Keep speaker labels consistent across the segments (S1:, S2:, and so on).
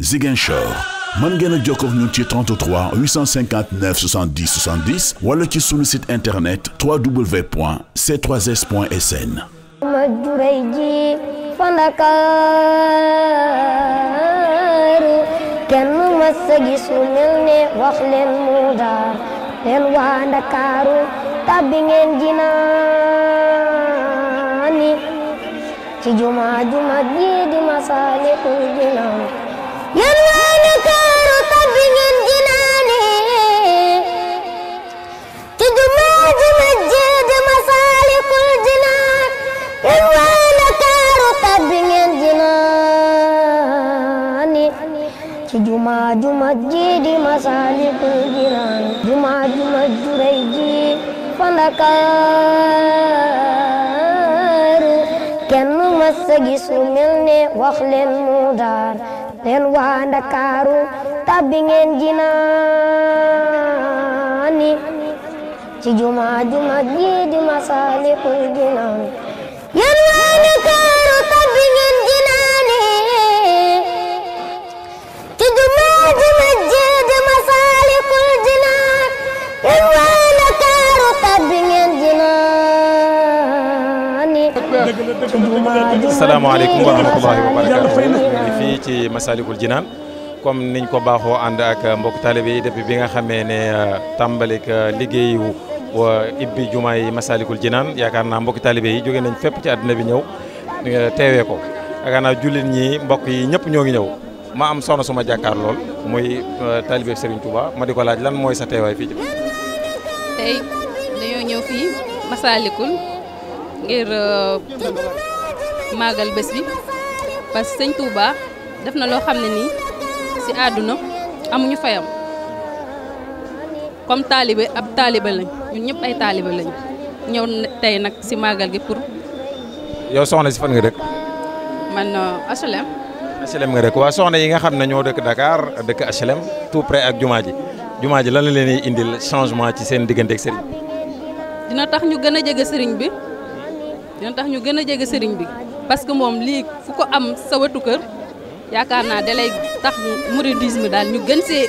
S1: Ziguinchor mën ngeen a jokkoo ak ñun ci 33 859 70 70 wala ci sunu site internet www.c3s.sn
S2: leen waa Ndakaaru tàbbi ngeen jinaani ci jumaa jumaa ji di Masaalikul Jinaan yéen waa Ndakaaru tabbi ngeen jinaane ci jumaa ji masjid Masaalikul Jinaan jinaane ci jumaa ju masjid Masaalikul Jinaan jumaa ju majjuray ji fa Ndakaaru kenn mas a mu daar leen waa Ndakaaru tabbi ngeen jinaani ci jumaa ju mag ji di Masaalikul salaamaaleykum wa rahmatullahi wa barakatu
S3: ngi
S4: fii ci Massalikul Jinaan comme niñ ko baaxoo ànd ak uh, mbokk taalibe yi depuis bi nga xamee ne uh, tàmbalik uh, liggéeyu ibbi jumaa yi Massalikul Jinaan yaakaar naa mbokk taalibe yi jóge nañ fépp ci àddina bi ñëw teewee ko yaakaar naa jullit ñi mbokk yi ñëpp ñoo ngi ñëw ma am soxna suma jàkkaar lool muy taalibe Serigne Touba ma di ko laaj lan mooy sa teewaay fii ci
S3: tey dañoo ñëw fii Massalikul ngir euh, màggal bés bi parce que sëñ Touba def na loo xam ne nii si àdduna amuñu fayam comme taalibe ab taalibe lañ ñun ñëpp ay taalibe lañ ñëw tey nag si màggal gi pour.
S4: yow soxna si fan nga dëkk.
S3: man euh, HLM.
S4: HLM nga dëkk waa soxna yi nga xam ne ñoo dëkk Dakar dëkk HLM tout près ak jumaa ji jumaa ji lan la leen indil changement ci seen digganteeg sëriñ
S3: dina tax ñu gën a jege sëriñ bi. dina tax ñu gën a jege sëriñ bi parce que moom lii fu ko am sa wetu kër yaakaar naa dalay tax mouridisme daal ñu gën see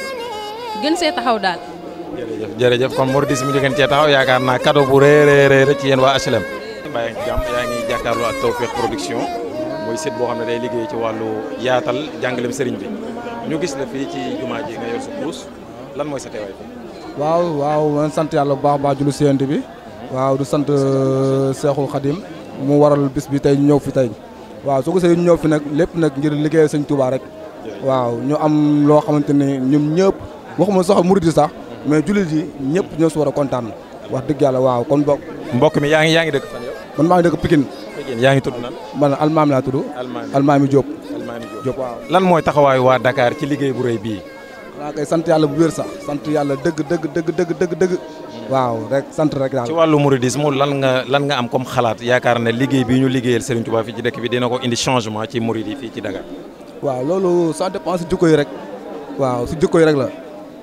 S3: gën see taxaw daal.
S4: jërëjëf jërëjëf kon mouridisme ñu gën cee taxaw yaakaar naa cadeau bu rëy rëy rëy ci yéen waa HLM. mbaa jàmm yaa ngi jàkkaarloo ak Production mooy site boo xam ne day liggéey ci wàllu yaatal jàngaleem sëriñ bi ñu gis la fii ci jumaa ji nga yor sa puus lan mooy sa teewaay bi.
S3: waaw waaw sant yàlla bu baax baax julli séent bi. waaw du sant euh, Seexul Xadim mu waral bis bi tey ñëw fi tey waaw soo ko ñu ñëw fi nag lépp nag ngir liggéeyal sañ Touba rek waaw ñu am loo xamante ne ñun ñëpp waxuma sax murid sax mais jullit yi ñëpp ñoo si war a kontaan wax dëgg yàlla waaw kon bokk. mbokk mi yaa ngi yaa ngi dëkk fan yow. man maa ngi yaa ngi tudd nan. man almaami laa tudd. almaami almaami Diop. almaami Diop waaw. lan mooy taxawaayu waa dakaar ci liggéey bu rëy bii. waaw kay sant yàlla bu wér sax sant yàlla dëgg dëgg dëgg dëgg dëgg dëgg waaw rek sant rek daal. ci
S4: wàllu mouridisme lan nga lan nga am comme xalaat yaakaar ne liggéey bi ñu liggéeyal Serigne Touba fii ci dëkk bi dina ko indi changement ci murid yi fii ci Dakar.
S3: waaw loolu ça dépend si jikko yi rek waaw si jikko rek la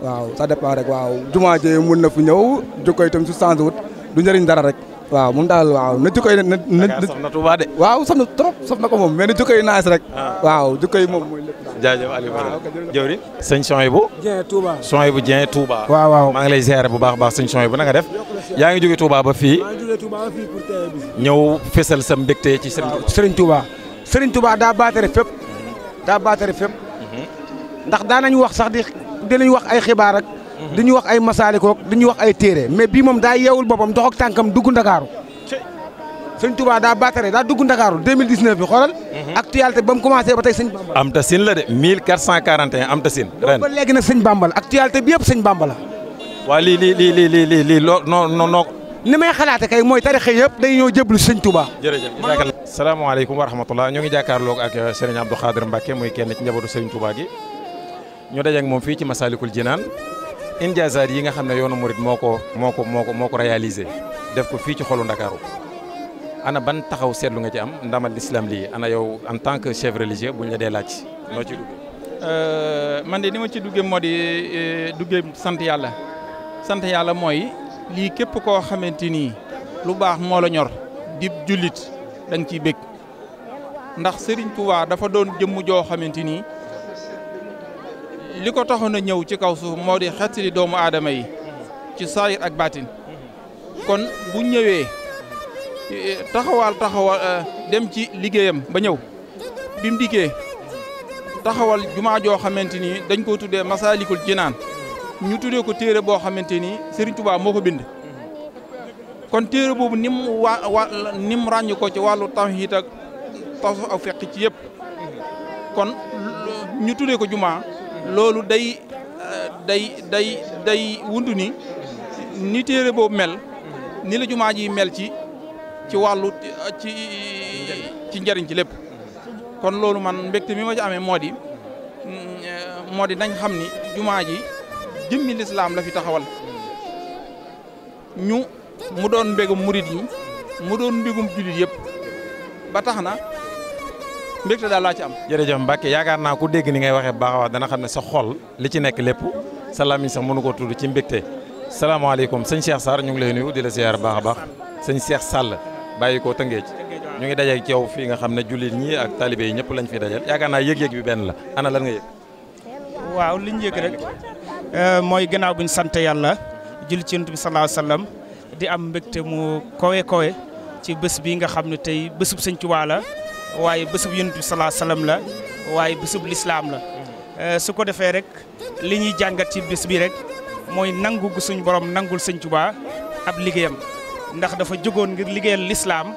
S3: waaw ça dépend rek waaw jumaa ji mun na fi ñëw jikko yi itam su changé wut du njëriñ dara rek. waaw moom daal waaw na jikko yi na na. de. waaw saf na trop saf na ko moom mais na jikko yi naas rek.
S4: Ah. waaw jikko yi moom jaajëf Aliou Badara ah, jëwri sëñ Souhaïbou Souhaïbou Dieng Touba waaw waaw maa ngi lay ziare bu baax baax sëñ Souhaïbou na nga def yaa ngi jóge Touba ba fii ñëw fésal sa mbégte ci sëriñ Touba sëriñ Touba daa baatare
S3: fépp mhm. daa baatare fépp
S5: mhm.
S3: ndax daanañu wax sax di dinañ wax ay xibaar ak mhm. diñu wax ay masaalikook diñu wax ay téere mais bii moom daa yeewul boppam dox ak tànkam dugg Ndakaaru sëñ Touba daa baatare daa dugg Ndakaaru 2019 bi xoolal. Mhm. actualité ba mu commencé ba tey sëñ Bamba.
S4: am ta sin la de 1441 am ta ren Bamba waa lii lii loo noo noo noo.
S3: ni may xalaate kay mooy tarixe yëpp day ñëw jëblu sëñ Touba.
S4: jërëjëf jërëjëf. salaamaaleykum wa rahmatulah ñoo ngi jàkkaarloog ak euh, Serigne Abdou Khadir Mbacke muy kenn ci njabootu Serigne Touba gi. ñu daje ak moom fii ci Masalikul Jinaan injaazaat yi nga xam ne yoonu murit moo ko moo ko moo ko moo ko réalisé def ko fii ci xolu Ndakaaru ana ban taxaw seetlu nga ci am ndamal l'islam lii ana yow en tant que chef religieux buñ la dee laaj
S1: noo ci euh, man de ni ma ci duggee moo di euh, duggee sant yàlla sant yàlla mooy lii képp koo xamante ni lu baax moo la ñor di jullit da ciy bég ndax sëriñ Touba dafa doon jëmm joo xamante ni li ko taxoon a ñëw ci kaw suuf moo di xettali doomu aadama yi ci saayir ak baatin kon bu ñëwee. taxawaal taxawal euh, dem ci liggéeyam ba ñëw bi mu taxawal jumaa joo xamante ni dañ ko tuddee Masaalikul naan ñu tuddee ko téere boo xamante ni Serigne moo ko bind. kon téere boobu ni mu waa ci wàllu tawhiid ak tasu ak feq ci yëpp kon ñu tuddee ko jumaa loolu day euh, day day day wundu ni ni téere boobu mel ni la jumaa ji mel ci. ci wàllu ci ci njëriñ ci lépp kon loolu man mbégte mi ma ci amee moo di mm, moo di nañ xam ni jumaa ji jëmmi lislaam la fi taxawal ñu mu doon mbégum murit yi mu doon mbégum jullit yëpp ba tax na mbégte daal laa ci am.
S4: jërëjëf Mbacke yaakaar naa ku dégg ni ngay waxee baax a wax dana xam ne sa xol li ci nekk lépp sa làmmiñ sax mënu ko tudd ci mbégte salaamaaleykum sëñ Cheikh Sarr ñu ngi lay nuyu di la ziar baax a baax sëñ Cheikh Sall. bàyyi koo Tëngéej ñu ngi dajeeg ci yow fii nga xam ne jullit ñi ak talibé yi ñëpp lañ fi dajal yaakaar naa yëg-yëg bi benn la ana lan nga yëg.
S5: waaw li ñu yëg rek euh, mooy gannaaw bu ñu sant yàlla julli ci yonent bi sallallahu alayhi di am mbégte mu kowe kowe ci bés bi nga xam ne tey bésub Sëñ Tuubaa la waaye bésub yonent bi sallallahu la waaye bésub lislaam la euh, su ko defee rek li ñuy jàngat ci bés bi rek mooy nangu gu suñ borom nangul Sëñ Tuubaa ab liggéeyam. ndax dafa jógoon ngir liggéeyal lislaam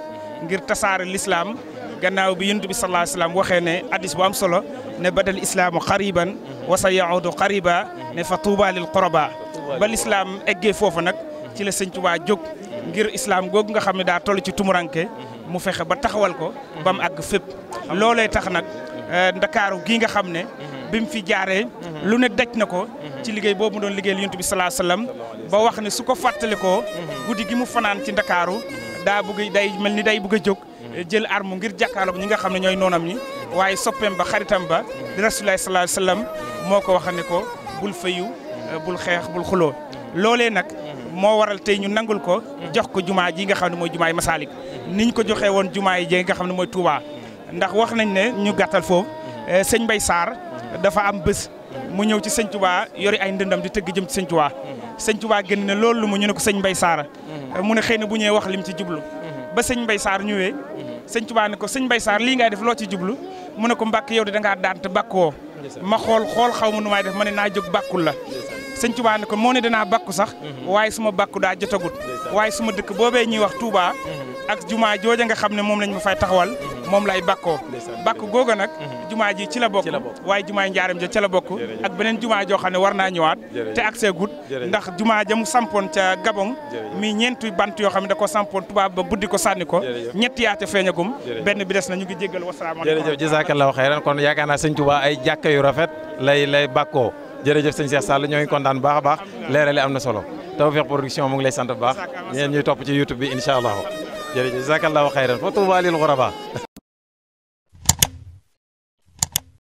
S5: ngir tasaare lislaam gannaaw bi yonent bi sallallahu alayhi wa ne hadis bu am solo ne badal islaamu xariban wa sa yaudu ne fa tuuba lil quraba ba lislaam egge foofu nag ci la sëñ jóg ngir islaam googu nga xam ne daa toll ci tumuranke mu fexe ba taxawal ko ba mu àgg fépp loolee tax nag eh, ndakaaru gii nga xam ne bi fi jaaree lu ne daj na ko ci liggéey boobu mu doon liggéeyal yonent bi salaa sallam ba wax ne su ko fàttalikoo guddi gi mu fanaan ci ndakaaru daa bugg day mel ni day bugg a jóg jël arme ngir jàkkaarloog ñi nga xam ne ñooy noonam ñi waaye soppeem ba xaritam ba di rasulilah salaa sallam moo ko wax ne ko bul fayu bul xeex bul xuloo loolee nag moo waral tey ñu nangul ko jox ko jumaa ji nga xam ne mooy jumaay Masalik niñ ko joxee woon jumaa yi nga xam ne mooy Touba ndax wax nañ ne ñu gàttal foofu eh, sëñ Mbay dafa am bés mu ñëw ci sëñ Touba yori ay ndëndam di tëgg jëm ci sëñ Touba sëñ Touba gën ne loolu lu mu ñu ne ko sëñ Mbay Saara mm-hmm. mu ne xëy na bu ñëwee wax lim ci jublu mm-hmm. ba sëñ Mbay Saar ñëwee mm-hmm. sëñ Touba ne ko sëñ Mbay Saar lii ngay def loo ci jublu mu ne ko mbàkk yow di da ngaa daan te ma xool xool xaw ma nu def ma ne naa jóg bàkkul la sëñ Touba ne ko moo ne danaa bàkku sax waaye suma bàkku daa jotagut waaye suma dëkk boobee ñuy wax Touba ak jumaa jooja nga xam ne moom lay bakkoo bakk googa nag mhm. jumaa ji ci la bokk waaye jumaay njaaram ja ci la bokk ak beneen jumaa joo xam ne war naa ñëwaat te accès gut ndax jumaa ja mu sampoon ca Gabon mi ñeenti bant yoo xam ne da ko sampoon tubaab ba buddi ko sànni ko ñett yaate feeñagum benn bi des na ñu ngi jéggal wasalaamaaleykum jërëjëf
S4: jazaakallahu xayran kon yaakaar naa sëñ Tuubaa ay jàkka yu rafet lay lay bakkoo jërëjëf sëñ Cheikh Sall ñoo ngi kontaan baax a baax leerale am na solo Tawfekh Production mu ngi lay sant bu baax ñeen ñuy topp ci YouTube bi incha allah
S5: jërëjëf jazaakallahu xayran fa tuubaa lil xurabaa